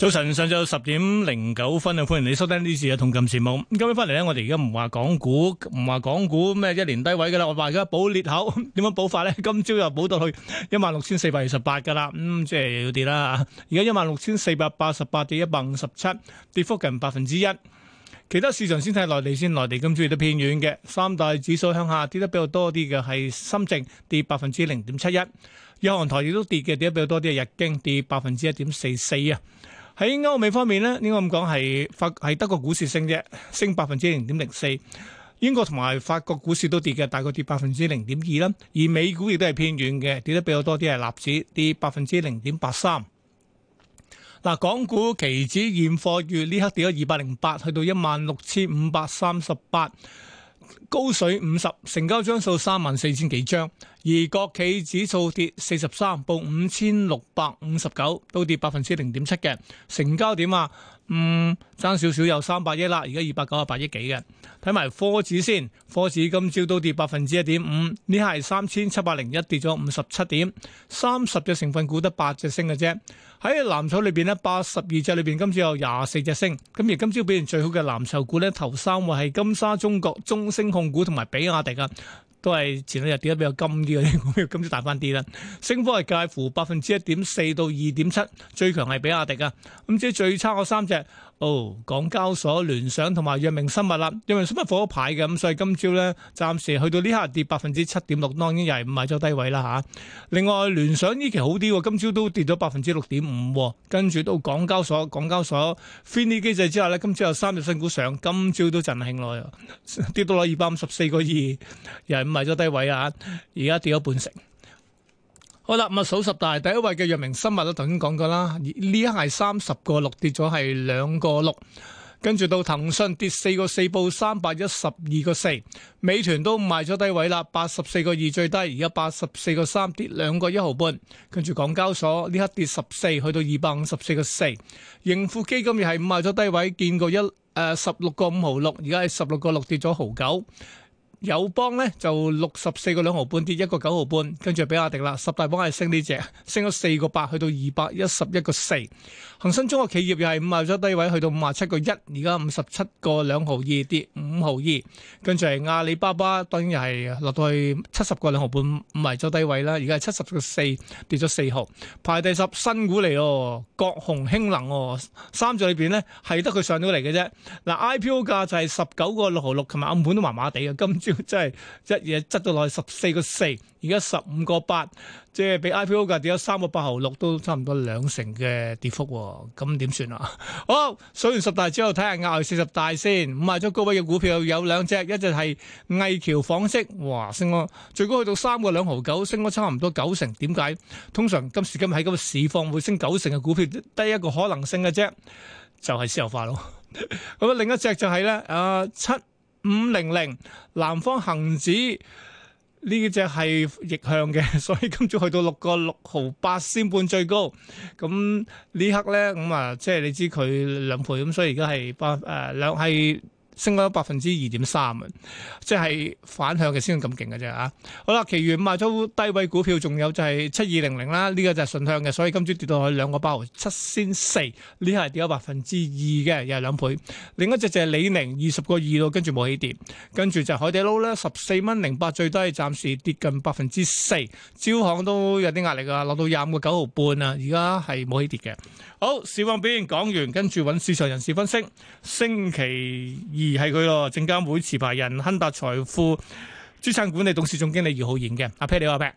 早晨，上晝十點零九分啊！歡迎你收聽呢次嘅《一桶金時報》。咁今日翻嚟咧，我哋而家唔話港股，唔話港股咩？一年低位噶啦。我話而家補裂口，點樣補法咧？今朝又補到去一萬六千四百二十八噶啦。咁、嗯、即係要跌啦。而家一萬六千四百八十八跌一百五十七，跌幅近百分之一。其他市場先睇內地先，內地今朝亦都偏軟嘅。三大指數向下跌得比較多啲嘅係深證，跌百分之零點七一，央行台亦都跌嘅，跌得比較多啲係日經，跌百分之一點四四啊。喺歐美方面呢，應該咁講係法係德國股市升啫，升百分之零點零四。英國同埋法國股市都跌嘅，大概跌百分之零點二啦。而美股亦都係偏軟嘅，跌得比較多啲係納指，跌百分之零點八三。嗱，港股期指現貨月呢刻跌咗二百零八，去到一萬六千五百三十八。高水五十，成交張數三萬四千幾張，而國企指數跌四十三，報五千六百五十九，都跌百分之零點七嘅，成交點啊？嗯，爭少少有三百億啦，而家二百九十八億幾嘅。睇埋科指先，科指今朝都跌百分之一點五，呢下係三千七百零一跌咗五十七點，三十隻成分股得八隻升嘅啫。喺藍籌裏邊呢，八十二隻裏邊今朝有廿四隻升，咁而今朝表現最好嘅藍籌股呢，頭三位係金沙中國、中升控股同埋比亞迪啊。都係前兩日,日跌得比較金啲嘅，應該今朝大翻啲啦。升幅係介乎百分之一點四到二點七，最強係比亞迪㗎。咁即係最差嗰三隻。哦，港交所、聯想同埋藥明生物啦，藥明生物火咗牌嘅，咁所以今朝咧暫時去到呢下跌百分之七點六，當然又係唔係咗低位啦嚇、啊。另外聯想呢期好啲喎，今朝都跌咗百分之六點五，跟、啊、住到港交所港交所 FINI 機制之下咧，今朝有三隻新股上，今朝都振興咯，啊、 跌到攞二百五十四個二，又係唔係咗低位啊！而家跌咗半成。好啦，咁啊，數十大第一位嘅藥明生物都頭先講過啦，而呢一刻係三十個六跌咗係兩個六，跟住到騰訊跌四個四報三百一十二個四，美團都賣咗低位啦，八十四個二最低，而家八十四個三跌兩個一毫半，跟住港交所呢刻跌十四去到二百五十四個四，盈富基金亦係賣咗低位，見過一誒十六個五毫六，而家係十六個六跌咗毫九。友邦咧就六十四個兩毫半跌一個九毫半，跟住比亞迪啦，十大榜係升呢隻，升咗四個八，去到二百一十一個四。恒生中國企業又係五廿咗低位，去到五廿七個一，而家五十七個兩毫二跌五毫二。跟住係阿里巴巴，當然又係落到去七十個兩毫半，五廿咗低位啦，而家係七十個四跌咗四毫。排第十新股嚟哦，國鴻氫能哦，三隻裏面呢係得佢上咗嚟嘅啫。嗱、啊、IPO 價就係十九個六毫六，琴日暗盤都麻麻地嘅，今 真係一嘢，執到落去十四個四，而家十五個八，即係比 IPO 價跌咗三個八毫六，都差唔多兩成嘅跌幅喎、哦。咁點算啊？好，數完十大之後，睇下額外四十大先。賣咗高位嘅股票有兩隻，一隻係魏橋紡織，哇，升啊，最高去到三個兩毫九，升咗差唔多九成。點解？通常今時今日喺個市況會升九成嘅股票，得一個可能性嘅啫，就係私有化咯。 咁另一隻就係、是、咧，啊、呃、七。五零零南方恒指呢隻係逆向嘅，所以今朝去到六個六毫八仙半最高。咁呢刻咧，咁啊即係你知佢兩倍，咁所以而家係八誒、呃、兩係。升咗百分之二點三啊，即係反向嘅，先咁勁嘅啫啊！好啦，其餘五啊，買咗低位股票，仲有就係七二零零啦，呢個就係順向嘅，所以今朝跌到去兩個八毫七先四，呢係跌咗百分之二嘅，又係兩倍。另一隻就係李寧二十個二度，跟住冇起跌，跟住就海底撈啦，十四蚊零八最低，暫時跌近百分之四。招行都有啲壓力啊，落到廿五個九毫半啊，而家係冇起跌嘅。好，市況表現講完，跟住揾市場人士分析，星期二。而係佢咯，證監會持牌人亨達財富資產管理董事總經理姚浩然嘅阿 Peter，你好，阿 Peter。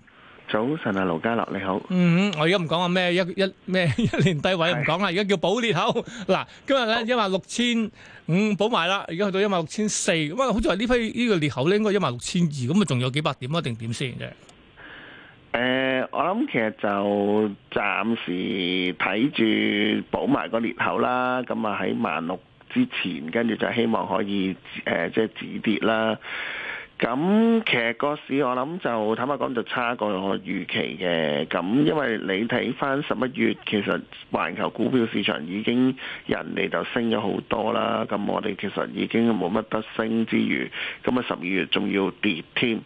早晨啊，盧家樂，你好。嗯，我而家唔講話咩，一一咩一年低位唔講啦，而家對叫補裂口。嗱、啊，今日咧一萬六千五補埋啦，而家去到一萬六千四，咁啊，好似話呢批呢個裂口咧，應該一萬六千二，咁啊，仲有幾百點啊，定點先嘅。誒、呃，我諗其實就暫時睇住補埋個裂口啦，咁啊喺萬六。之前跟住就希望可以誒、呃、即係止跌啦。咁、嗯、其實個市我諗就坦白講就差過我預期嘅。咁、嗯、因為你睇翻十一月，其實環球股票市場已經人哋就升咗好多啦。咁、嗯、我哋其實已經冇乜得升之餘，咁啊十二月仲要跌添。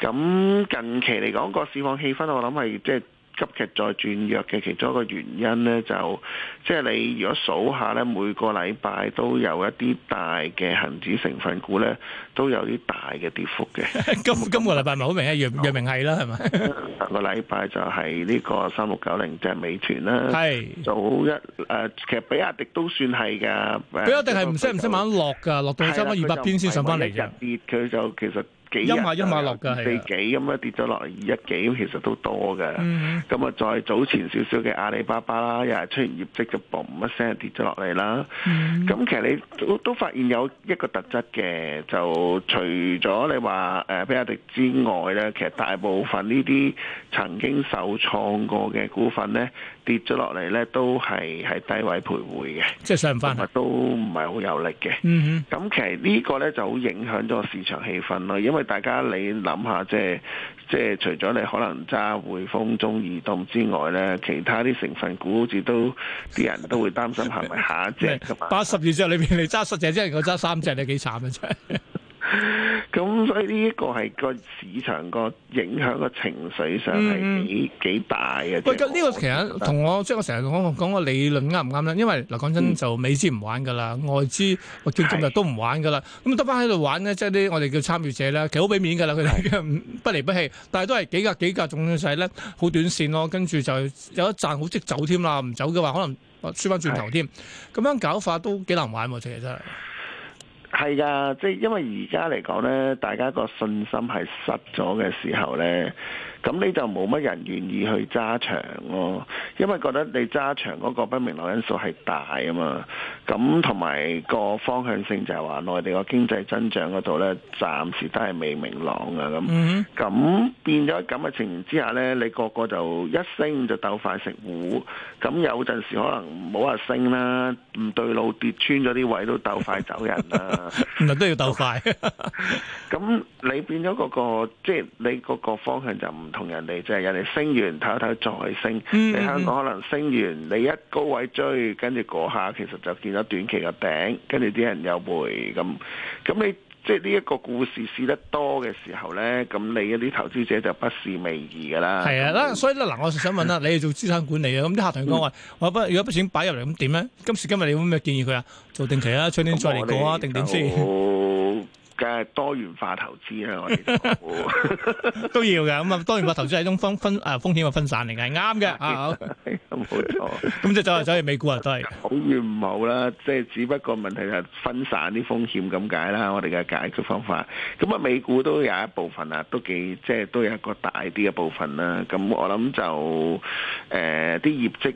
咁、嗯、近期嚟講個市況氣氛，我諗係即係。急劇再轉弱嘅其中一個原因咧，就即係你如果數下咧，每個禮拜都有一啲大嘅恒指成分股咧，都有啲大嘅跌幅嘅 今今個禮拜唔好明啊，月明係啦，係咪？個禮拜就係呢個三六九零就係美團啦。係早是一誒、呃，其實比亞迪都算係㗎。比亞迪係唔識唔識慢慢落㗎，落到差唔多二百天先上翻嚟嘅。跌佢就其實。一萬一萬六㗎，四幾咁樣的跌咗落嚟，二一幾其實都多嘅。咁啊、嗯，再早前少少嘅阿里巴巴啦，又係出完業績就砰一聲跌咗落嚟啦。咁、嗯、其實你都都發現有一個特質嘅，就除咗你話誒、呃、比亞迪之外咧，其實大部分呢啲曾經受創過嘅股份咧，跌咗落嚟咧，都係喺低位徘徊嘅，即係上唔翻，都唔係好有力嘅。嗯哼，咁其實呢個咧就好影響咗個市場氣氛咯。因為大家你諗下，即係即係除咗你可能揸匯豐、中移動之外咧，其他啲成分股好似都啲人都會擔心係咪下一隻，咁八十二隻裏面你揸十隻，只能夠揸三隻，你幾慘啊？真係。咁所以呢一個係個市場個影響個情緒上係幾、嗯、幾大嘅、啊。呢個其實同我即係我成日講講個理論啱唔啱咧？因為嗱，講真就美資唔玩噶啦，嗯、外資我最今日都唔玩噶啦。咁得翻喺度玩呢，即係啲我哋叫參與者咧，幾好俾面噶啦，佢哋不離不棄。但係都係幾格幾格，仲要使咧好短線咯。跟住就有一賺好即走添啦，唔走嘅話可能輸翻轉頭添。咁是樣搞法都幾難玩、啊，其實真係。係噶，即係因為而家嚟講呢，大家個信心係失咗嘅時候呢，咁你就冇乜人願意去揸場咯，因為覺得你揸場嗰個不明朗因素係大啊嘛，咁同埋個方向性就係話內地個經濟增長嗰度呢，暫時都係未明朗啊咁，咁、mm hmm. 變咗咁嘅情形之下呢，你個個就一升就鬥快食糊，咁有陣時可能冇好話升啦，唔對路跌穿咗啲位都鬥快走人啦。 咪都要鬥快，咁 你變咗嗰、那個，即、就、係、是、你嗰個方向就唔同人哋，即、就、係、是、人哋升完睇睇再升，嗯嗯你香港可能升完你一高位追，跟住嗰下其實就見咗短期嘅頂，跟住啲人又回咁，咁你。即係呢一個故事試得多嘅時候咧，咁你嗰啲投資者就不是未疑㗎啦。係啊的，啦、嗯，所以咧嗱，我就想問啦，你哋做資產管理啊，咁啲 客同你講話，我不如果筆錢擺入嚟咁點咧？今時今日你會唔會建議佢啊？做定期啊，春天再嚟講啊，我定點先？就 梗係多元化投資啊，我哋 都要嘅。咁啊，多元化投資係一種分分啊風險嘅分散嚟嘅，係啱嘅冇錯。咁就走嚟走去美股啊，都好與唔好啦。即係只不過問題就分散啲風險咁解啦。我哋嘅解決方法。咁啊，美股都有一部分啊，都幾即係都有一個大啲嘅部分啦。咁我諗就誒啲、呃、業績。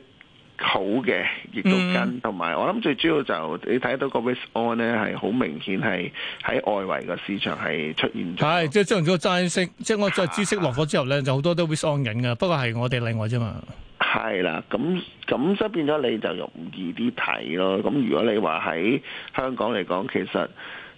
好嘅，亦都跟，同埋、嗯、我諗最主要就你睇到個 risk on 咧係好明顯係喺外圍個市場係出現咗，係即係將個債息即係我再孳息落咗之後咧，啊、就好多都 risk on 緊嘅。不過係我哋另外啫嘛，係啦，咁咁即係變咗你就容易啲睇咯。咁如果你話喺香港嚟講，其實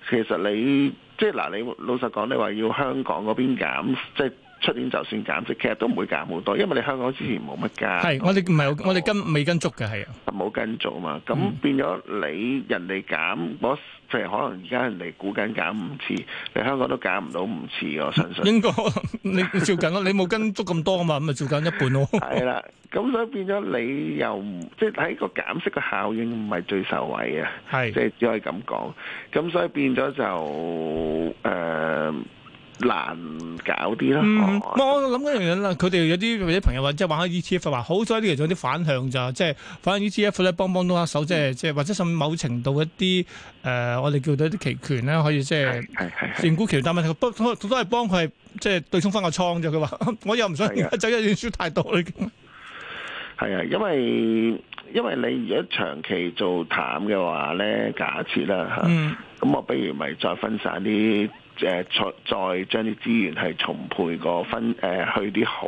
其實你即係嗱，你老實講，你話要香港嗰邊減即係。出年就算減息，其實都唔會減好多，因為你香港之前冇乜加。係，我哋唔係，我哋跟未跟足嘅，係啊，冇跟足嘛，咁變咗你人哋減嗰，譬如可能而家人哋估緊減五次，你香港都減唔到五次，我相信。應該你照緊咯，你冇跟足咁多啊嘛，咁咪照緊一半咯。係啦，咁所以變咗你又唔即係喺個減息嘅效應唔係最受惠啊，係即係只可以咁講。咁所以變咗就誒。難搞啲咯。唔、嗯，我諗嗰樣嘢啦，佢哋有啲或者朋友話，即係玩開 ETF 話，好彩啲其實有啲反向咋，即係反正 ETF 咧，幫幫到握手，嗯、即係即係或者甚至某程度一啲誒、呃，我哋叫做一啲期權咧，可以即係認股權。但問題都都都係幫佢，即係對沖翻個倉啫。佢話我又唔想走一串輸太多。係啊，因為因為你如果長期做淡嘅話咧，假設啦吓，咁、啊、我不如咪再分散啲。誒再再將啲資源係重配個分誒、呃、去啲好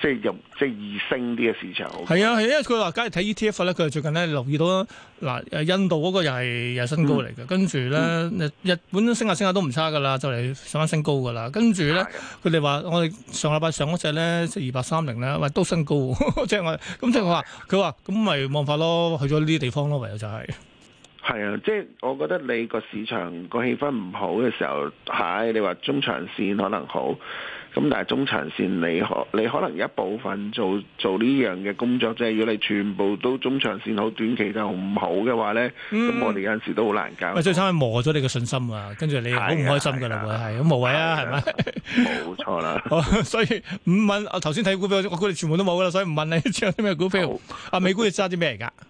即係入即係易升啲嘅市場。係啊，係、啊、因為佢話，假如睇 E T F 咧，佢最近咧留意到嗱，印度嗰個又係又係新高嚟嘅，跟住咧、嗯、日本升下升下都唔差噶啦、啊，就嚟上翻新高噶啦。跟住咧，佢哋話我哋上禮拜上嗰隻咧二百三零咧，喂都新高，即係我咁即係話佢話咁咪望法咯，去咗呢啲地方咯，唯有就係、是。係啊，即係我覺得你個市場個氣氛唔好嘅時候，唉、哎，你話中長線可能好，咁但係中長線你可你可能一部分做做呢樣嘅工作，即係如果你全部都中長線好，短期就唔好嘅話咧，咁我哋有陣時都好難搞。咪最差係磨咗你嘅信心啊！跟住你好唔開心噶啦，係咁無謂啊，係咪？冇錯啦。所以唔 問，我頭先睇股票，我估你全部都冇噶啦，所以唔問你，仲有啲咩股票？阿美股要揸啲咩嚟噶？啊你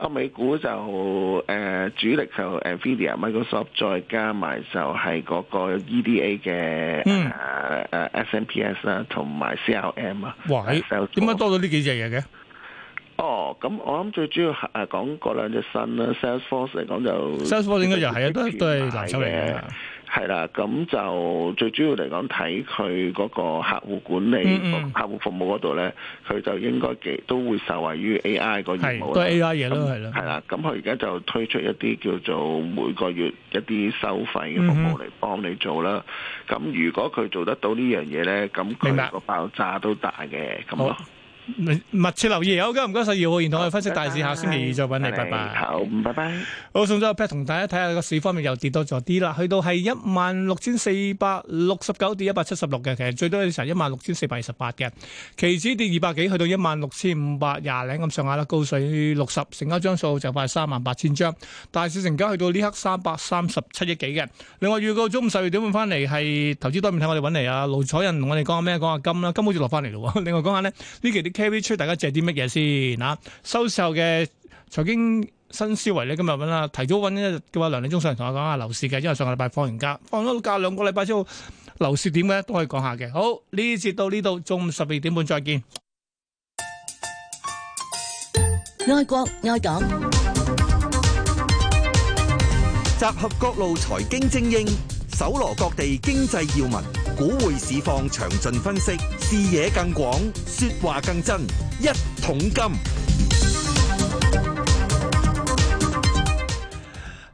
個、啊、美股就誒、呃、主力就 Nvidia、Microsoft，再加埋就係嗰個 EDA 嘅誒誒 SNPS 啦，同埋 CRM 啊。哇！點解多咗呢幾隻嘢嘅？哦，咁我諗最主要係講嗰兩隻新啦，Salesforce 嚟講就 Salesforce 應該又係一堆大手嚟嘅。係啦，咁就最主要嚟講睇佢嗰個客戶管理、客戶服務嗰度咧，佢就應該幾都會受惠於 AI 個業務都 AI 嘢咯，係啦、啊。係啦，咁佢而家就推出一啲叫做每個月一啲收費嘅服務嚟幫你做啦。咁如果佢做得到呢樣嘢咧，咁佢個爆炸都大嘅。咁囉、嗯。密切留意，好嘅，唔該晒耀，然後我哋分析大市下星期二再揾你，拜拜。好，拜拜。好，送咗個 pat 同大家睇下個市方面又跌多咗啲啦，去到係一萬六千四百六十九跌一百七十六嘅，其實最多成一萬六千四百二十八嘅，期指跌二百幾，去到一萬六千五百廿零咁上下啦，高水六十，成交張數就快三萬八千張，大市成交去到呢刻三百三十七億幾嘅。另外預告中午十二點半翻嚟係投資多面睇，我哋揾嚟阿盧彩仁同我哋講下咩，講下金啦，金好似落翻嚟咯。另外講下咧，呢期啲。KTV 大家借啲乜嘢先？嗱，收售嘅財經新思維咧，今日揾啦，提早揾一嘅話，梁利忠上嚟同我講下樓市嘅，因為上個禮拜放完假，放咗假兩個禮拜之後，樓市點呢都可以講下嘅。好，呢節到呢度，中午十二點半再見。愛國愛港，集合各路財經精英，搜羅各地經濟要聞。股匯市況詳盡分析，視野更廣，說話更真。一桶金，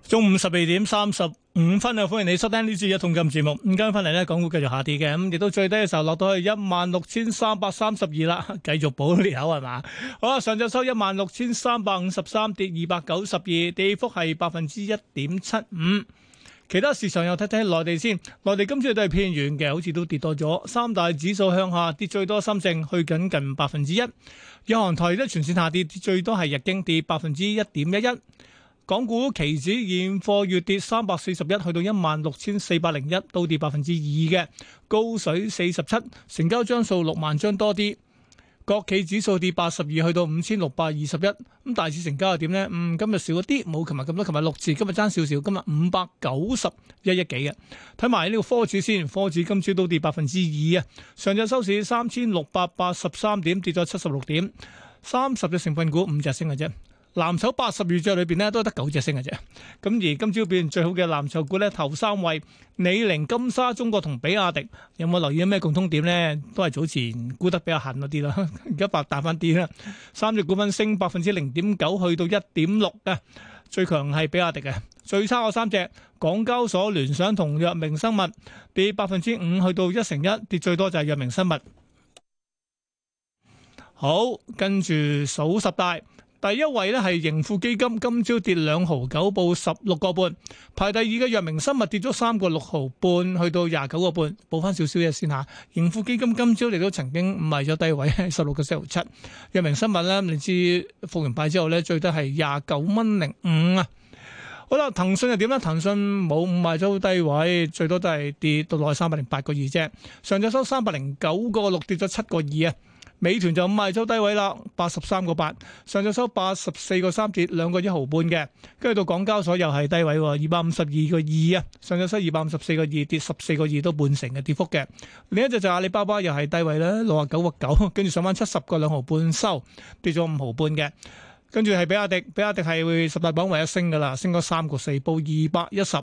中午十二點三十五分啊！歡迎你收聽呢支一桶金節目。午間翻嚟咧，港股繼續下跌嘅，咁亦都最低嘅時候落到去一萬六千三百三十二啦，繼 續補裂口係嘛？好啦，上晝，收一萬六千三百五十三，跌二百九十二，跌幅係百分之一點七五。其他市場又睇睇內地先，內地今次都係偏軟嘅，好似都跌多咗。三大指數向下，跌最多深證去緊近百分之一。有行台都全線下跌，最多係日經跌百分之一點一一。港股期指現貨月跌三百四十一，去到一萬六千四百零一，都跌百分之二嘅，高水四十七，成交張數六萬張多啲。國企指數跌八十二，去到五千六百二十一。咁大市成交又點咧？嗯，今日少一啲，冇琴日咁多。琴日六字，今日爭少少，今日五百九十一億幾嘅。睇埋呢個科指先，科指今朝都跌百分之二啊。上晝收市三千六百八十三點，跌咗七十六點。三十隻成分股，五隻升嘅啫。藍籌八十餘八十二隻裏邊咧，都得九隻升嘅啫。咁而今朝變表現最好嘅藍籌股咧，頭三位：李寧、金沙中國同比亞迪。有冇留意有咩共通點咧？都係早前沽得比較狠嗰啲啦，而家白彈翻反彈返啲啦。三隻股份升百分之零點九，去到一點六嘅。最強係比亞迪嘅，最差嗰三隻：港交所、聯想同藥明生物，跌百分之五，去到一成一，跌最多就係藥明生物。好，跟住數十大。第一位咧，係盈富基金，今朝跌兩毫九，報十六個半。排第二嘅藥明生物跌咗三個六毫半，去到廿九個半，補翻少少嘢，先吓。盈富基金今朝你都曾經賣咗低位，十六個七。藥明生物咧，你知復完派之後咧，最低係廿九蚊零五啊。好啦，騰訊又點咧？騰訊冇賣咗低位，最多都係跌到落去三百零八個二啫。上日收三百零九個六，跌咗七個二啊。美團就唔係收低位啦，八十三個八，上晝收八十四個三，跌兩個一毫半嘅，跟住到港交所又係低位，二百五十二個二啊，上晝收二百五十四個二，跌十四個二都半成嘅跌幅嘅。另一隻就阿里巴巴又係低位啦，六啊九個九，跟住上翻七十個兩毫半收，跌咗五毫半嘅，跟住係比亞迪，比亞迪係會十大榜唯一升噶啦，升咗三個四，報二百一十。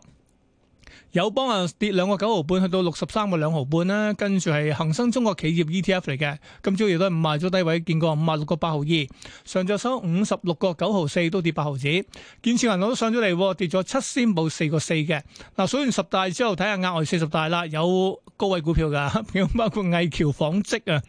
友邦啊，跌兩個九毫半，去到六十三個兩毫半啦。跟住係恒生中國企業 ETF 嚟嘅，今朝亦都係賣咗低位，見過五啊六個八毫二。上晝收五十六個九毫四，都跌八毫子。建設銀行都上咗嚟，跌咗七仙冇四個四嘅。嗱，數完十大之後，睇下額外四十大啦，有高位股票㗎，包括魏橋紡織啊，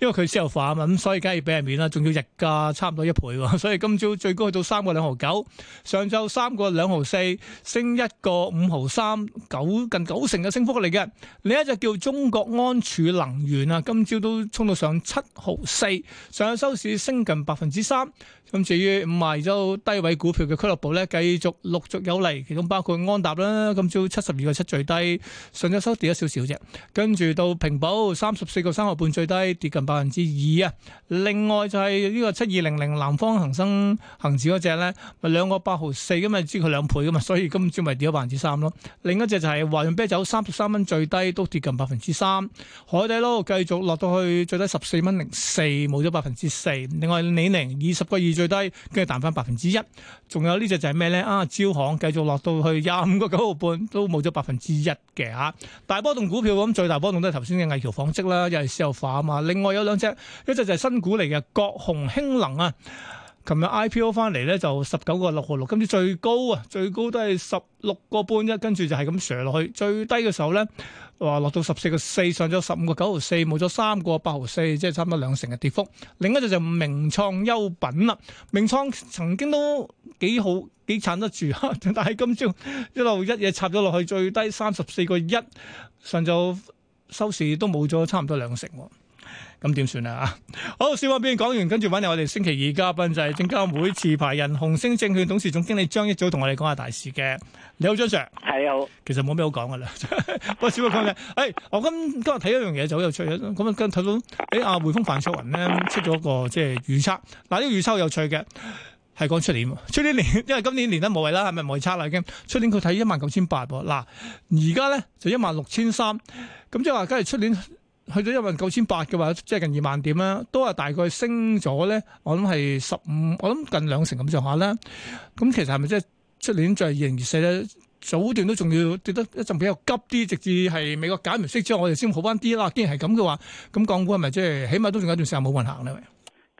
因為佢私有化啊嘛，咁所以梗係要俾人面啦，仲要日價差唔多一倍喎，所以今朝最高去到三個兩毫九，上晝三個兩毫四，升一個五毫三。九近九成嘅升幅嚟嘅，另一隻叫中國安儲能源啊，今朝都衝到上七毫四，上日收市升近百分之三。咁至於五廿洲低位股票嘅俱樂部咧，繼續陸續有嚟，其中包括安踏啦，今朝七十二個七最低，上日收跌咗少少啫。跟住到平保三十四個三毫半最低，跌近百分之二啊。另外就係呢個七二零零南方恒生恒指嗰隻咧，咪兩個八毫四，咁咪知佢兩倍噶嘛，所以今朝咪跌咗百分之三咯。另一隻。即係華潤啤酒三十三蚊最低都跌近百分之三，海底撈繼續落到去最低十四蚊零四，冇咗百分之四。另外李寧二十個二最低，跟住彈翻百分之一。仲有呢隻就係咩呢？啊，招行繼續落到去廿五個九毫半，都冇咗百分之一嘅吓。大波動股票咁最大波動都係頭先嘅藝橋紡織啦，又係私有化啊嘛。另外有兩隻，一隻就係新股嚟嘅國鴻氫能啊。琴日 IPO 翻嚟咧就十九個六毫六，今朝最高啊，最高都係十六個半一，跟住就係咁 share 落去，最低嘅時候咧話落到十四個四，上咗十五個九毫四，冇咗三個八毫四，即係差唔多兩成嘅跌幅。另一隻就名創優品啦、啊，名創曾經都幾好幾撐得住，但係今朝一路一嘢插咗落去，最低三十四個一，上咗收市都冇咗差唔多兩成喎。咁點算啊？好，笑話先講完，跟住揾嚟，我哋星期二嘉賓就係證監會持牌人、紅星證券董事總經理張一祖同我哋講下大市嘅。你好，張 Sir，係好。其實冇咩好講噶啦。喂， 小波講嘅。誒、哎、我、哦、今今日睇一樣嘢，就好有趣。咁、哎、啊，跟睇到誒，阿匯豐范卓雲咧出咗個即係預測。嗱、就是，呢、這個預測有趣嘅，係講出年，出年年因為今年年都冇位啦，係咪冇位測啦已經。出年佢睇一萬九千八噃。嗱，而家咧就一萬六千三。咁即係話，假如出年。去到一萬九千八嘅話，即係近二萬點啦，都係大概升咗咧。我諗係十五，我諗近兩成咁上下啦。咁其實係咪即係出年就係二零二四咧，早段都仲要跌得一陣比較急啲，直至係美國解唔息之後，我哋先好翻啲啦。既然係咁嘅話，咁港股係咪即係起碼都仲有一段時間冇運行咧？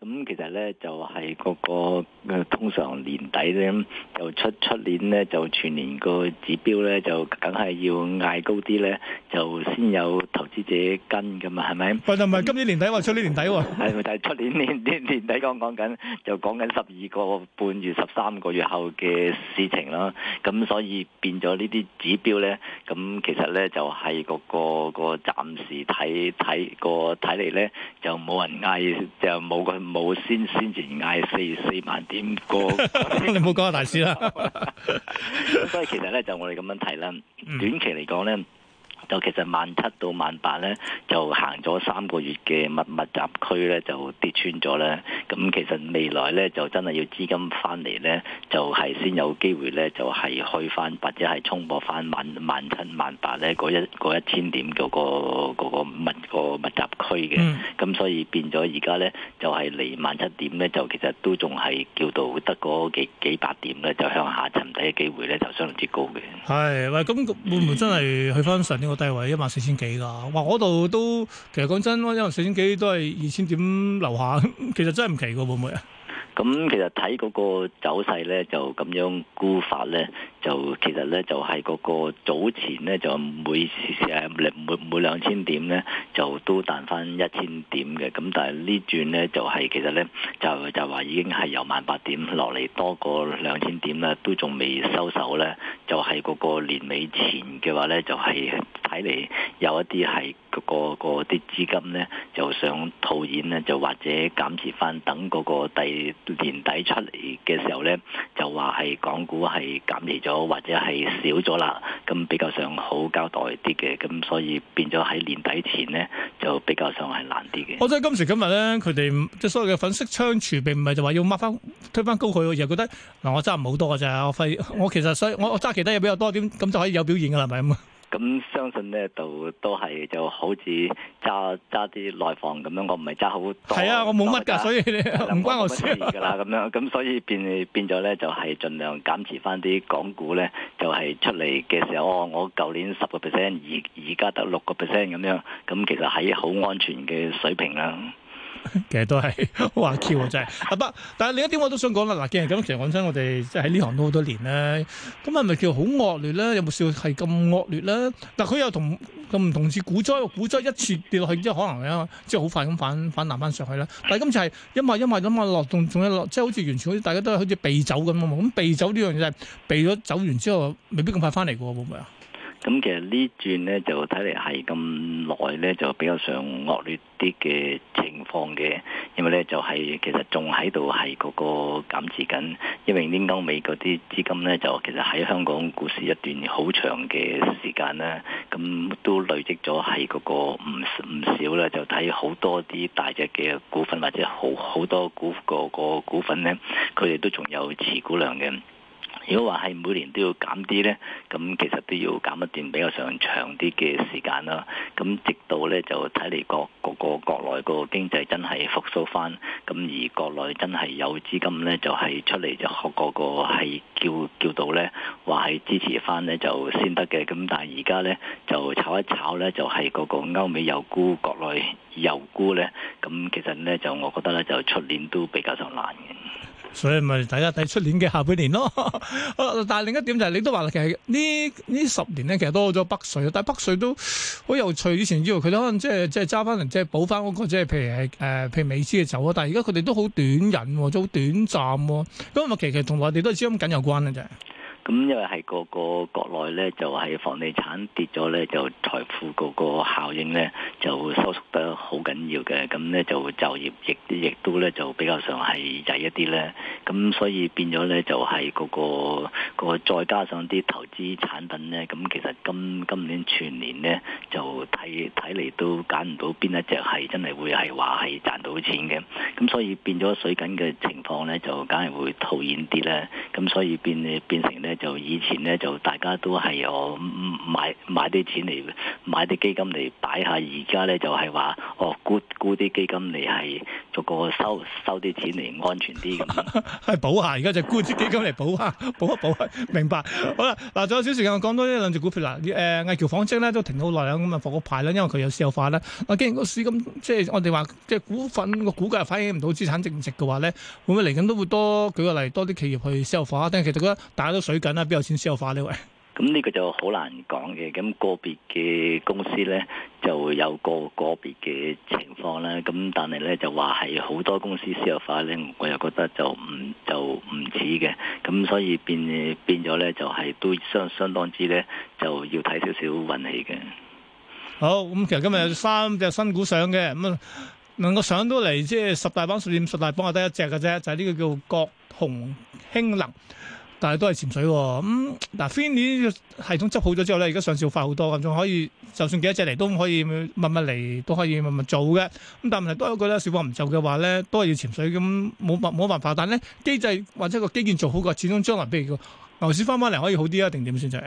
咁其實咧就係嗰個，通常年底咧就出出年咧就全年個指標咧就梗係要嗌高啲咧，就先有投資者跟噶嘛，係咪？唔係唔係，今年年底喎，出年年底喎、啊，係 咪就係出年年年年底講講緊，就講緊十二個半月、十三個月後嘅事情啦。咁所以變咗呢啲指標咧，咁其實咧就係嗰個個暫時睇睇個睇嚟咧，就冇人嗌，就冇個。冇先先至嗌四四萬點過， 你唔好講啊，大師啦。所以其實咧，就我哋咁樣睇啦。短期嚟講咧。就其實萬七到萬八咧，就行咗三個月嘅密集區咧，就跌穿咗咧。咁其實未來咧，就真係要資金翻嚟咧，就係先有機會咧，就係開翻或者係衝破翻萬萬七萬八咧，嗰一一千點嗰、嗰個密、嗰個物個密集區嘅。咁、嗯、所以變咗而家咧，就係嚟萬七點咧，就其實都仲係叫到得嗰幾，幾百點咧，就向下沉底嘅機會咧，就相當之高嘅。係，喂，咁會唔會真係去翻神低位一萬四千幾㗎，哇！嗰度都其實講真咯，一萬四千幾都係二千點樓下，其實真係唔奇個會唔會啊？咁其實睇嗰個走勢咧，就咁樣估法咧，就其實咧就係嗰個早前咧就每次誒兩每每兩千點咧就都彈翻一千點嘅，咁但係呢轉咧就係其實咧就就話已經係由萬八點落嚟多過兩千點啦，都仲未收手咧，就係嗰個年尾前嘅話咧就係睇嚟有一啲係。個啲資金咧就想套現咧，就或者減持翻，等嗰個第年底出嚟嘅時候咧，就話係港股係減持咗或者係少咗啦，咁比較上好交代啲嘅，咁所以變咗喺年底前咧就比較上係難啲嘅。我覺得今時今日咧，佢哋即係所謂嘅粉飾櫥窗儲備並唔係就話要抹翻推翻高佢，而係覺得嗱、呃，我揸唔好多㗎咋，我費 我其實想我我揸其他嘢比較多啲，咁就可以有表現㗎啦，係咪咁啊？咁相信咧，就都係就好似揸揸啲內房咁樣，我唔係揸好多。係啊， 我冇乜㗎，所以唔關我事㗎啦。咁樣咁所以變變咗咧，就係盡量減持翻啲港股咧，就係、是、出嚟嘅時候，我我舊年十個 percent，而而家得六個 percent 咁樣，咁其實喺好安全嘅水平啦。其實都係話 Q，真係阿伯。但係另一點我都想講啦。嗱，今日咁其實講真，我哋即係喺呢行都好多年啦。咁係咪叫好惡劣咧？有冇笑係咁惡劣咧？但佢又同咁唔同似股災，股災一次跌落去之後，可能啊，即係好快咁反反彈翻上去啦。但係今次係一味一味咁啊，落動仲有落，即係好似完全好似大家都係好似避走咁啊。咁避走呢樣嘢係避咗走完之後，未必咁快翻嚟噶，會唔會啊？咁其實呢轉咧就睇嚟係咁耐咧就比較上惡劣啲嘅情況嘅，因為咧就係、是、其實仲喺度係嗰個減持緊，因為啲歐美嗰啲資金咧就其實喺香港股市一段好長嘅時間啦，咁都累積咗係嗰個唔唔少啦，就睇好多啲大隻嘅股份或者好好多股個、個股份咧，佢哋都仲有持股量嘅。如果話係每年都要減啲呢，咁其實都要減一段比較上長啲嘅時間啦。咁直到呢，就睇嚟個個個國內個經濟真係復甦翻，咁而國內真係有資金呢，就係、是、出嚟就學個個係叫叫到呢話係支持翻呢，就先得嘅。咁但係而家呢，就炒一炒呢，就係、是、個個歐美油股，國內油股呢。咁其實呢，就我覺得呢，就出年都比較上難嘅。所以咪睇一睇出年嘅下半年咯。 但係另一點就係你都話啦，其實呢呢十年咧，其實多咗北水，但係北水都好有趣。以前知道佢哋可能即係即係揸翻嚟，即、就、係、是就是、補翻嗰、那個，即係譬如誒譬、呃、如美資嘅酒。啊、哦哦。但係而家佢哋都好短癮，都好短暫。咁啊，其實同我哋都係資金緊有關嘅啫。咁因為係個個國內咧，就係房地產跌咗咧，就財富個個效應咧就收縮得好緊要嘅，咁咧就就業亦亦都咧就比較上係滯一啲咧，咁所以變咗咧就係個個再加上啲投資產品咧，咁。咁、嗯、今年全年呢，就睇睇嚟都揀唔到邊一隻係真係會係話係賺到錢嘅，咁所以變咗水緊嘅情況呢，就梗係會套現啲啦。咁所以變變成呢，就以前呢，就大家都係有買買啲錢嚟買啲基金嚟擺下，而家呢，就係話哦沽沽啲基金嚟係。逐個收收啲錢嚟安全啲咁，係保 下。而家就股資基金嚟保下，保 一保下，下。明白。好啦，嗱，仲有少時間，我講多啲兩隻股票啦。誒、呃，魏橋紡織咧都停好耐啦，咁啊復個牌啦，因為佢有私有化啦。啊，既然個市咁，即係我哋話，即係股份個股價反映唔到資產價值嘅話咧，會唔會嚟緊都會多？舉個例，多啲企業去私有化但係。啊、其實覺得大家都水緊啦，邊有錢私有化呢位？咁呢個就好難講嘅，咁、那個別嘅公司呢，就有個個別嘅情況啦，咁但係呢，就話係好多公司私有化呢，我又覺得就唔就唔似嘅，咁所以變變咗呢，就係都相相當之呢，就要睇少少運氣嘅。好，咁、嗯、其實今日有三隻新股上嘅，咁、嗯、啊，我、嗯、上到嚟即係十大榜、十五十大榜，得一隻㗎啫，就係、是、呢個叫國鴻氫能。但係都係潛水喎，咁、嗯、嗱 FINI 系統執好咗之後咧，而家上市要快好多咁，仲可以就算幾多隻嚟都唔可以密密嚟都可以密密做嘅。咁但係都係一個咧，小夥唔就嘅話咧，都係要潛水咁，冇冇辦法。但咧機制或者個基建做好過，始終將來譬如牛市翻翻嚟可以好啲啊，定點先就係。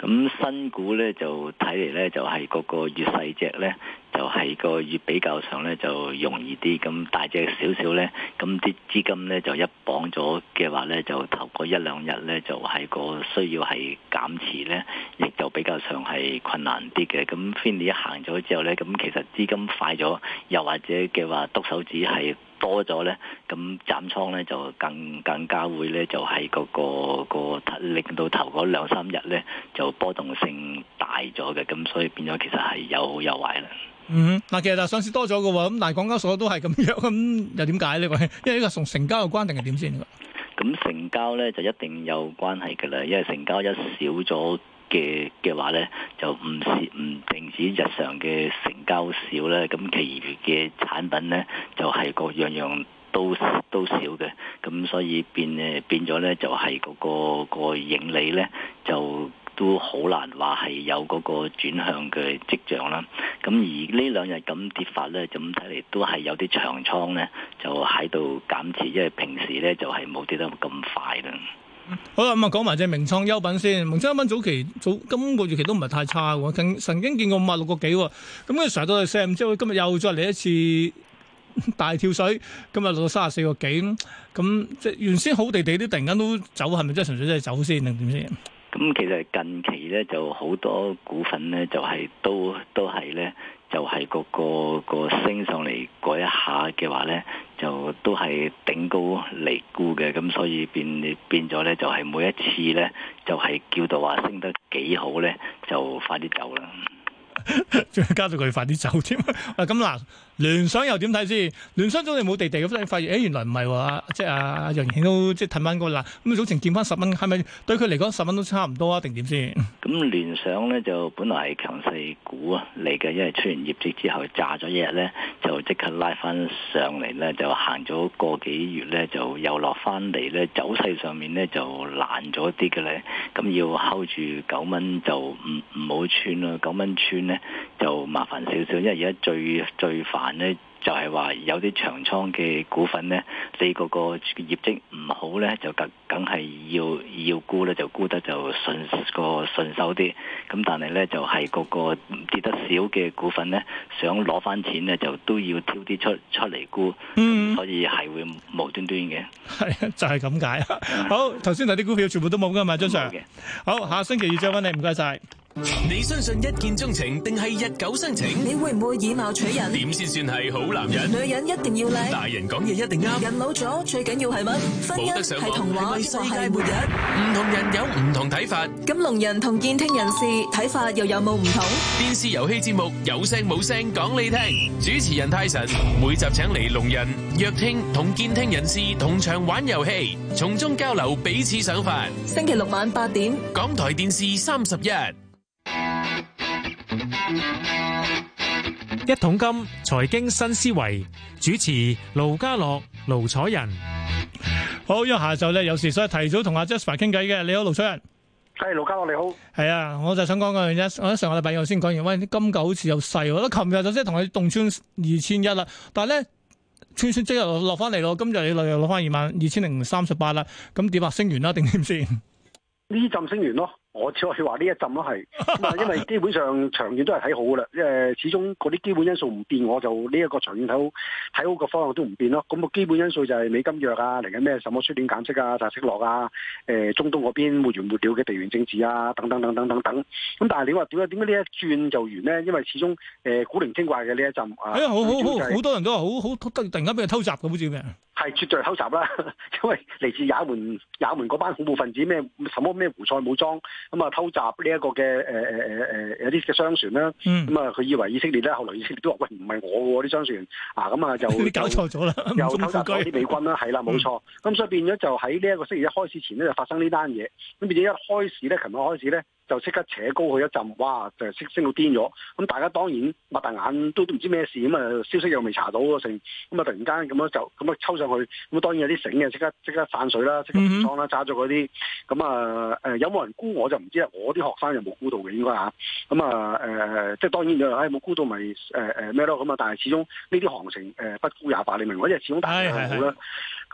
咁新股咧就睇嚟咧就係、是、嗰個越細隻咧。就係個月比較上咧，就容易啲。咁大隻少少咧，咁啲資金咧就一綁咗嘅話咧，就頭嗰一兩日咧就係、是、個需要係減持咧，亦就比較上係困難啲嘅。咁 FINI 一行咗之後咧，咁其實資金快咗，又或者嘅話篤手指係多咗咧，咁斬倉咧就更更加會咧就係、是、嗰、那個、那個、那個、令到頭嗰兩三日咧就波動性大咗嘅。咁所以變咗其實係有好有壞啦。嗯，嗱，其實嗱，上市多咗嘅喎，咁但係港交所都係咁樣，咁又點解咧？喂，因為呢個同成交有關定係點先？咁成交咧就一定有關係嘅啦，因為成交一少咗嘅嘅話咧，就唔唔淨止日常嘅成交少咧，咁其餘嘅產品咧就係個樣樣都都少嘅，咁所以變誒變咗咧就係嗰個個盈利咧就。都好難話係有嗰個轉向嘅跡象啦，咁而呢兩日咁跌法咧，咁睇嚟都係有啲長倉咧，就喺度減持，因為平時咧就係、是、冇跌得咁快啦，嗯。好啦，咁啊講埋隻名創優品先，名創優品早期早今個月期都唔係太差嘅，曾經見過五啊六個幾，咁佢成日都係四啊五之後，今日又再嚟一次大跳水，今日落到三啊四個幾，咁即係原先好地地啲，突然間都走，係咪真係純粹真係走先定點先？咁其實近期咧就好多股份咧，就係、係、都都係咧，就係、係個個升上嚟嗰一下嘅話咧，就都係頂高離沽嘅，咁所以變變咗咧，就係、係、每一次咧，就係、係、叫做話升得幾好咧，就快啲走啦，仲 要加到佢快啲走添 啊！咁嗱。聯想又點睇先？聯想總係冇地地咁，你發現、欸、原來唔係喎，即係阿楊延都即係騰翻個啦咁，總之見翻十蚊，係咪對佢嚟講十蚊都差唔多啊？定點先？咁聯想咧就本來係強勢股啊嚟嘅，因為出完業績之後炸咗一日咧，就即刻拉翻上嚟咧，就行咗個幾月咧就又落翻嚟咧，走勢上面咧就爛咗啲嘅咧，咁要 hold 住九蚊就唔唔好穿咯，九蚊穿咧就麻煩少少，因為而家最最煩。但就係話有啲長倉嘅股份呢，你嗰個業績唔好呢，就更梗係要要沽咧，就沽得就順個順手啲。咁但係呢，就係嗰個跌得少嘅股份呢，想攞翻錢呢，就都要挑啲出出嚟沽，嗯，所以係會無端端嘅。係， 就係咁解。好，頭先嗰啲股票全部都冇噶嘛，張 Sir。好，下星期二將翻你，唔該晒。你相信一見鍾情定係日久生情？你會唔會以貌取人？點先算係好男人？女人一定要靚，大人講嘢一定啱。人老咗最緊要係乜？婚姻係童話都係世界末日。唔同人有唔同睇法。咁聾人同健聽人士睇法又有冇唔同？電視遊戲節目有聲冇聲講你聽。主持人泰神每集請嚟聾人、弱聽同健聽人士同場玩遊戲，從中交流彼此想法。星期六晚八點，港台電視三十一。一桶金財經新思維，主持盧家樂、盧彩仁。好，因為下晝咧有時，所以提早同阿 Jasper 傾偈嘅。你好，盧彩仁。係盧家樂，你好。係啊，我就想講嗰樣嘢。我喺上個禮拜我先講完，喂，啲金狗好似又細。我諗琴日就即係同佢凍穿二千一啦。但係咧，串串即日落翻嚟咯。今日又落翻二萬二千零三十八啦。咁點啊？升完啦，定點先？呢陣升完咯。我只可以話呢一陣咯，係因為基本上長遠都係睇好噶啦，因為始終嗰啲基本因素唔變，我就呢一、呢個長遠睇好，睇好個方向都唔變咯。咁、嗯、個基本因素就係美金弱啊，嚟緊咩什麼輸短減息啊，加息落啊，誒、呃、中東嗰邊沒完沒了嘅地緣政治啊，等等等等等等。咁但係你話點啊？點解呢一轉就完呢？因為始終誒、呃、古靈精怪嘅呢一陣啊、哎，好好好、就是、多人都話好好突，突然間俾人偷襲咁，好似咩？係絕對偷襲啦，因為嚟自也門也門嗰班恐怖分子咩什麼咩胡塞武裝。咁啊，偷襲呢一個嘅誒誒誒誒有啲嘅商船啦，咁啊、嗯，佢以為以色列咧，後來以色列都話：喂，唔係我喎啲商船啊，咁啊就搞錯咗啦，又就 偷襲嗰啲美軍啦，係啦、嗯，冇錯。咁所以變咗就喺呢一個星期一開始前咧，就發生呢單嘢。咁變咗一開始咧，琴日開始咧。就即刻扯高去一陣，哇！就係升升到癲咗，咁、嗯、大家當然擘大眼都唔知咩事，咁啊消息又未查到喎成，咁啊突然間咁樣就咁樣抽上去，咁啊當然有啲醒嘅，即刻即刻散水啦、嗯呃嗯呃呃，即刻解莊啦，揸咗嗰啲，咁啊誒有冇人沽我就唔知啊。我啲學生又冇沽到嘅應該嚇，咁啊誒即係當然有話唉冇沽到咪誒誒咩咯咁啊，但係始終呢啲行情誒、呃、不沽也罷，你明唔明？即始終大勢好啦。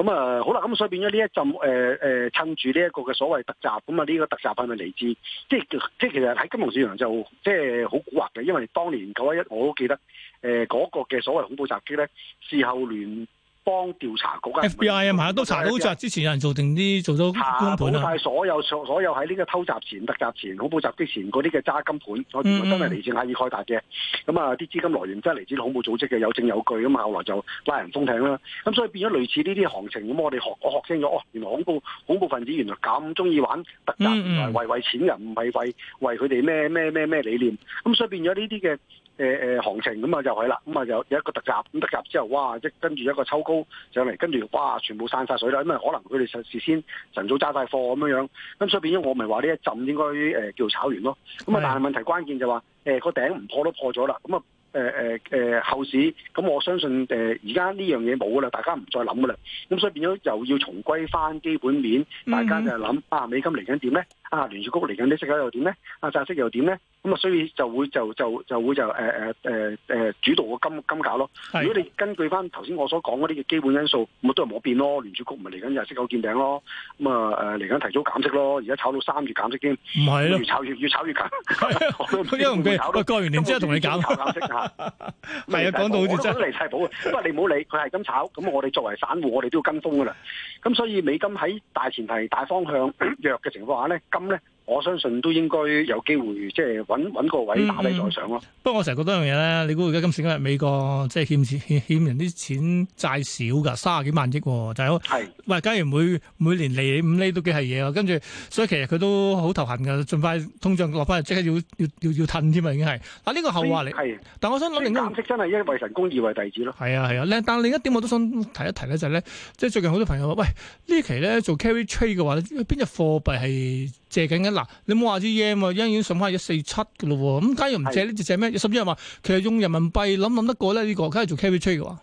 咁啊、嗯，好啦，咁、嗯、所以變咗呢一陣誒誒，趁住呢一個嘅所謂突襲，咁啊呢個突襲係咪嚟自？即係，即係，即其實喺金融市場就即係好蠱惑嘅，因為當年九一一我都記得誒嗰、呃嗰個嘅所謂恐怖襲擊咧，事後聯。幫調查嗰間 FBI 啊嘛，都查到啫。之前有人做定啲，做到空盤啊。做咗晒所有所有喺呢個偷襲前、特襲前、恐怖襲擊前嗰啲嘅揸金盤。我原來真係嚟自阿爾開達嘅。咁啊，啲資金來源真係嚟自恐怖組織嘅，有證有據啊嘛。後來就拉人封艇啦。咁所以變咗類似呢啲行情咁。我哋學我學清咗，哦，原來恐怖恐怖分子原來咁中意玩特襲，原來、嗯嗯、為為錢嘅，唔係為為佢哋咩咩咩咩理念。咁所以變咗呢啲嘅。誒誒行情咁啊，就係啦，咁啊就有一個突襲，咁突襲之後，哇！一跟住一個抽高上嚟，跟住哇，全部散晒水啦，因為可能佢哋實事先晨早揸晒貨咁樣樣，咁所以變咗我咪話呢一陣應該誒、呃、叫炒完咯，咁啊，但係問題關鍵就話誒個頂唔破都破咗啦，咁啊誒誒誒後市，咁我相信誒而家呢樣嘢冇啦，大家唔再諗噶啦，咁所以變咗又要重歸翻基本面，大家就係諗啊美金嚟緊點咧，啊聯儲局嚟緊啲息又點咧，啊債息又點咧？咁啊、嗯，所以就會就就就會就誒誒誒誒主導個金金價咯。如果你根據返頭先我所講嗰啲嘅基本因素，咪都係冇變咯。聯儲局唔係嚟緊又息口見頂咯。咁啊誒嚟緊提早減息咯。而家炒到三月減息添，越炒越越炒越緊。 我都唔驚。過完年之後同你減。係 啊，講到好似真嚟曬譜啊！ 不過你唔好理，佢係咁炒，咁 我哋作為散戶，我哋都要跟風噶啦。咁所以美金喺大前提大方向 弱嘅情況下咧，金咧。我相信都應該有機會，即係揾揾個位打你再上咯，嗯。不過我成日覺得一樣嘢咧，你估而家今時今日美國即係欠欠欠人啲錢債少㗎，卅幾萬億，哦，就係。係是喂，假如每每年嚟五厘都幾係嘢咯，跟住所以其實佢都好頭痕㗎，儘快通脹落翻嚟，即刻要要要要褪添啊，已經係啊呢個後話嚟。係，但我想諗另一即係真係一位神功，二位弟子咯。係啊係啊，咧，啊啊，但另一點我都想提一提咧，就係，就係咧，即係最近好多朋友話，喂期呢期咧做 carry trade 嘅話，邊隻貨幣係？借緊嘅嗱，你冇話支嘢吖嘛？一已經上翻一四七嘅咯喎，咁、嗯、假如唔借呢，是的 就借咩？甚至係話其實用人民幣諗唔諗得過咧？呢、這個假如做 carry trade 嘅話，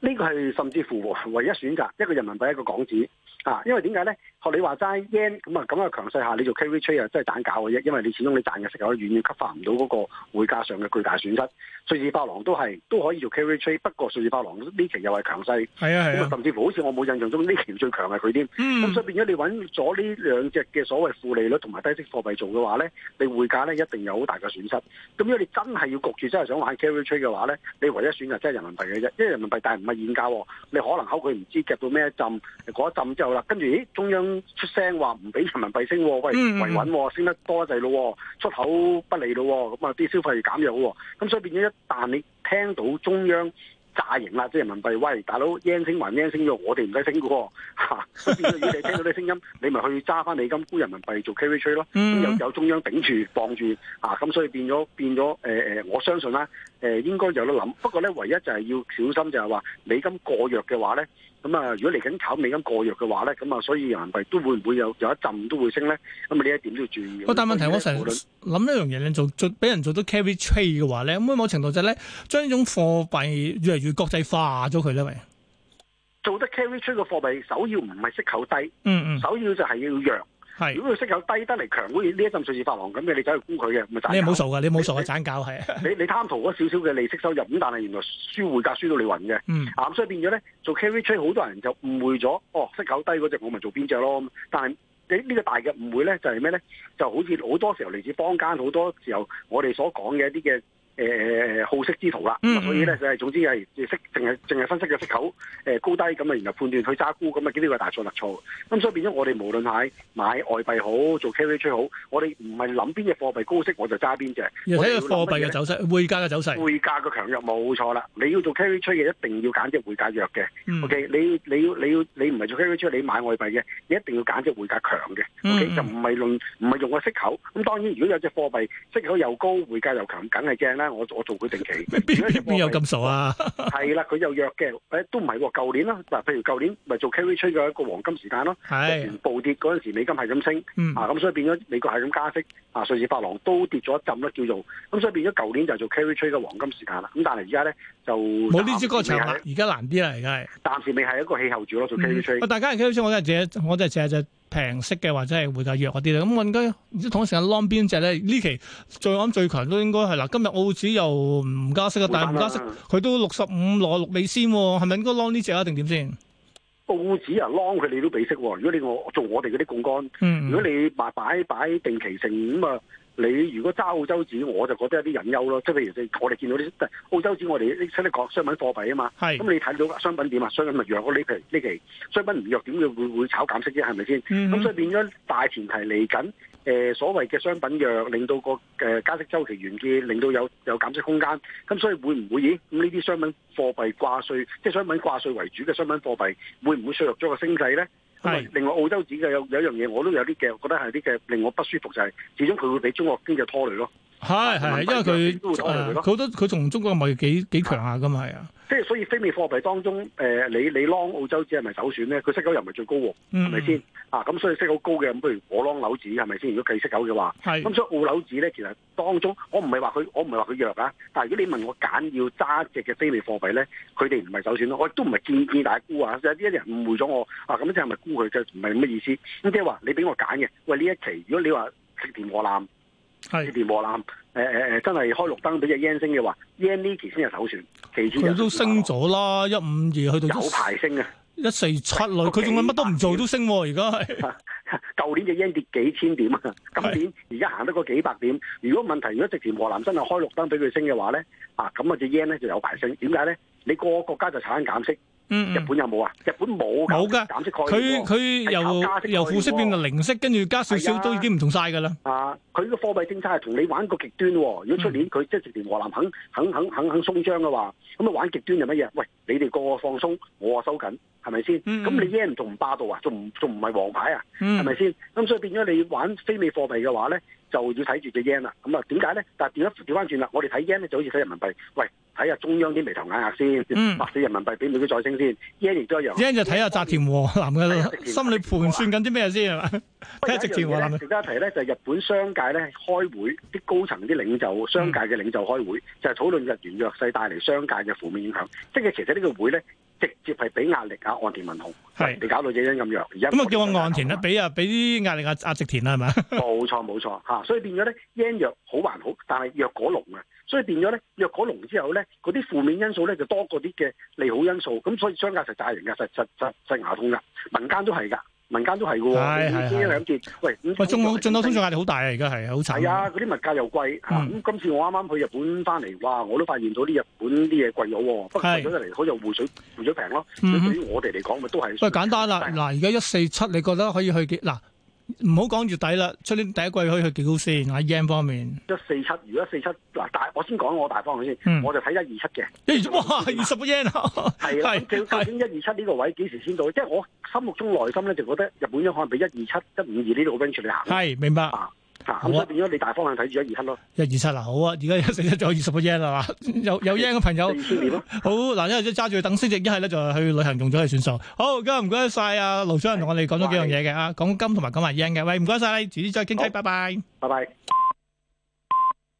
呢個係甚至乎唯一選擇一個人民幣一個港紙啊，因為點解咧？學你話齋 yen 咁啊，咁啊強勢下，你做 carry trade 啊，真係蛋搞嘅啫，因為你始終你賺嘅息口遠遠吸發唔到嗰個匯價上嘅巨大損失。瑞士法郎都係都可以做 carry trade，不過瑞士法郎呢期又係強勢，係啊，係啊，咁啊甚至乎好似我冇印象中呢期最強係佢添。咁、嗯、所以變咗你揾咗呢兩隻嘅所謂負利率同埋低息貨幣做嘅話咧，你匯價咧一定有好大嘅損失。咁如果你真係要焗住真係想玩 carry trade 嘅話咧，你唯一選擇真係人民幣嘅啫，因為人民幣但係唔係現價，你可能口佢唔知夾到咩一浸，嗰一浸之後啦，跟住咦中央。中央出聲話唔俾人民幣升，喂維穩、哦，升得多滯咯、哦，出口不利咯、哦，咁啊啲消費減弱、哦，咁所以變咗一旦你聽到中央炸型啦，即、就、係、是、人民幣，喂大佬 yen 升還 yen 升咗，我哋唔使升噶、哦，吓 變咗你哋聽到啲聲音，你咪去揸翻美金沽人民幣做 carry trade 咯， 有有中央頂住放住，啊，咁所以變咗變咗，誒、呃、誒，我相信啦、啊，誒應該有得諗，不過咧唯一就係要小心就，就係話美金過弱嘅話咧。咁啊，如果嚟緊炒美金過弱嘅話咧，咁啊，所以人民幣都會唔會有有一浸都會升咧。咁啊，呢一點都要注意。不但係問題，我成日諗一樣嘢，你做做俾人做到 carry trade 嘅話咧，咁喺某程度就係咧，將呢種貨幣越嚟越國際化咗佢咧，咪做得 carry trade 嘅貨幣，首要唔係息口低，嗯嗯，首要就係要弱。係，是如果佢息口低得嚟，強好似呢一陣瑞士法郎咁嘅，你走去沽佢嘅，你冇傻噶，你冇傻啊，盞搞係。你你貪圖嗰少少嘅利息收入，咁但係原來輸匯價輸到你暈嘅，嗯、啊咁所以變咗咧，做 carry trade 好多人就誤會咗，哦息口低嗰隻我咪做邊隻咯。但係你呢個大嘅誤會咧就係咩咧？就好似好多時候嚟自坊間，好多時候我哋所講嘅一啲嘅。誒好色之徒啦，嗯嗯、所以咧就係總之係識淨係淨係分析個息口誒、呃、高低咁啊，然後判斷佢揸沽咁啊，幾多個大錯特錯嘅。咁、嗯、所以變咗我哋無論係買外幣好，做 carry trade 好，我哋唔係諗邊隻貨幣高息我就揸邊隻。而睇貨幣嘅走勢，匯價嘅走勢，匯價嘅強弱冇錯啦。你要做 carry trade 嘅，一定要揀隻匯價弱嘅。嗯、OK，你你你要你唔係做 carry trade，你買外幣嘅，你一定要揀隻匯價強嘅。OK，嗯、就唔係論唔係用個息口。咁當然如果有隻貨幣息口又高，匯價又強，梗係正啦。我我做佢定期，邊邊有咁傻啊？係 啦，佢有約嘅，誒都唔係喎。舊年啦，嗱，譬如舊年咪做 carry trade 嘅一個黃金時間咯，係的，暴跌嗰陣時，美金係咁升，嗯、啊，咁所以變咗美國係咁加息，啊，瑞士法郎都跌咗一陣啦，叫、啊、做，咁所以變咗舊年就做 carry trade 嘅黃金時間啦。咁但係而家咧就冇呢支歌長啦，而家難啲啦，而家係，暫時未係一個氣候住咯做 carry trade、嗯、大家係 carry trade，我真係借，我真平息嘅或者係會較弱啲咧，咁我應該唔知同時間 long 邊隻咧？隻呢期最啱最強都應該係嗱，今日澳紙又唔加息，加息65、哦、是是啊，但係唔加息佢都六十五攞六未先，係咪應該 long 呢隻啊？定點先？澳紙啊 long 佢你都俾息喎。如果你我做我哋嗰啲槓桿，嗯、如果你擺擺擺定期性咁啊。你如果揸澳洲紙，我就覺得有啲隱憂咯。即係譬如我哋見到啲澳洲紙，我哋呢睇得講商品貨幣啊嘛。咁是你睇到商品點啊？商品咪弱咯。呢期呢期商品唔弱，點會會會炒減息啫？係咪先？咁、嗯、哼所以變咗大前提嚟緊，誒、呃、所謂嘅商品弱，令到個誒加息周期完結，令到有有減息空間。咁所以會唔會咦？咁呢啲商品貨幣掛稅，即、就、係、是、商品掛稅為主嘅商品貨幣，會唔會削弱咗個升勢咧？是另外澳洲指嘅有有一樣嘢，我都有啲嘅覺得係啲嘅令我不舒服，就係、是、始終佢會俾中國經濟拖累咯。係係，因為佢佢好多佢同中國貿易幾幾強下噶嘛，係啊。即係所以非美貨幣當中，誒、呃，你你 long 澳洲紙係咪首選咧？佢息口又唔係最高，係咪先？啊，咁、嗯、所以息好高嘅，咁不如我 long 紐紙係咪先？如果計息口嘅話，係是。咁所以澳紐紙咧，其實當中我唔係話佢，我唔係話佢弱啊。但係如果你問我揀要揸隻嘅非美貨幣咧，佢哋唔係首選咯、啊。我都唔係見見大沽啊，有、就、啲、是、人誤會咗我，啊，咁即係咪沽佢啫？唔係咁嘅意思？咁即係話你俾我揀嘅，喂，呢一期如果你話食甜臥爛。係電波啦，誒誒誒，真係開綠燈俾隻 yen 升嘅話，yen 呢期先係首選。其次佢都升咗啦，一五二去到。有排啊升啊，一四七內，佢仲乜都唔做都升喎，而家係。舊年隻 yen 跌幾千點啊，今年而家行得嗰幾百點。如果問題，如果直情河南真係開綠燈俾佢升嘅話咧，啊，咁啊隻 yen 咧就有排升。點解咧？你個個國家就產生減息嗯嗯，日有有，日本有冇啊？日本冇噶冇噶減息佢佢，哦，由由負息變到零息，跟住加少少都已經唔同晒噶啦。啊，佢個貨幣政策係同你玩個極端，哦。如果出年佢，嗯，即係直情河南肯肯肯肯肯鬆張嘅話，咁啊玩極端就乜嘢？喂，你哋個個放鬆，我啊收緊，係咪先？咁，嗯嗯，你 yen 仲唔霸道啊？仲仲唔係王牌啊？嗯係咪先？咁、嗯嗯、所以變咗你玩非美貨幣嘅話咧，就要睇住隻 yen 啦。咁啊，點解咧？但係調翻調翻轉啦，我哋睇 yen 咧就好似睇人民幣。喂，睇下中央啲眉頭眼額先，或者、嗯啊、人民幣俾你啲再升先。yen 亦都一樣。yen 就睇下植田和男嘅心裏盤算緊啲咩先係嘛？睇下植田和男。啊啊、和一呢另一題咧就係日本商界咧開會，啲高層啲領袖、商界嘅領袖開會，嗯嗯、就係討論日元弱勢帶嚟商界嘅負面影響。即係其實呢個會咧。直接係俾壓力啊，岸田文雄係是你搞到只張咁弱，而家咁啊，叫我岸田咧俾啊俾啲壓力啊啊植田啦係嘛？冇 錯冇錯嚇，所以變咗咧，yen 弱好還好，但係弱過龍啊，所以變咗咧弱過龍之後咧，嗰啲負面因素咧就多過啲嘅利好因素，咁所以商家就炸型嘅，實實實實牙痛㗎，民間都係㗎。民間都係嘅喎，因為諗住，喂，中國進口通脹壓力好大啊！而家係好慘啊！嗰啲、啊、物價又貴，咁、嗯啊、今次我啱啱去日本翻嚟，哇！我都發現到啲日本啲嘢貴咗，是不過貴咗得嚟好似匯水，匯咗平咯。嗯、哼對於我哋嚟講，咪都係。喂，簡單啦，嗱、啊，而家一四七，你覺得可以去結嗱？啊唔好講月底啦，出年第一季可以去幾高先？喺 yen 方面，一四七，如果四七嗱大，我先講我大方向先，嗯、我就睇一二七嘅。一二七，二十個 yen，係啊。咁日究竟一二七呢個位幾時先到？即係是 我心目中內心咧，就覺得日本咧可能俾一二七、一五二呢個 range 嚟行。係，明白。啊好啊！變咗你大方向睇住一二七咯，一二七嗱好啊！而家仲有二十個 yen 係嘛？有有 yen 嘅朋友，啊、 好嗱，一係揸住等升值，一係咧就去旅行用咗去算數。好，今日唔該晒啊盧主任同我哋講咗幾樣嘢嘅啊，講金同埋講埋 yen 嘅喂，唔該晒！遲啲再傾偈，好拜拜，拜拜。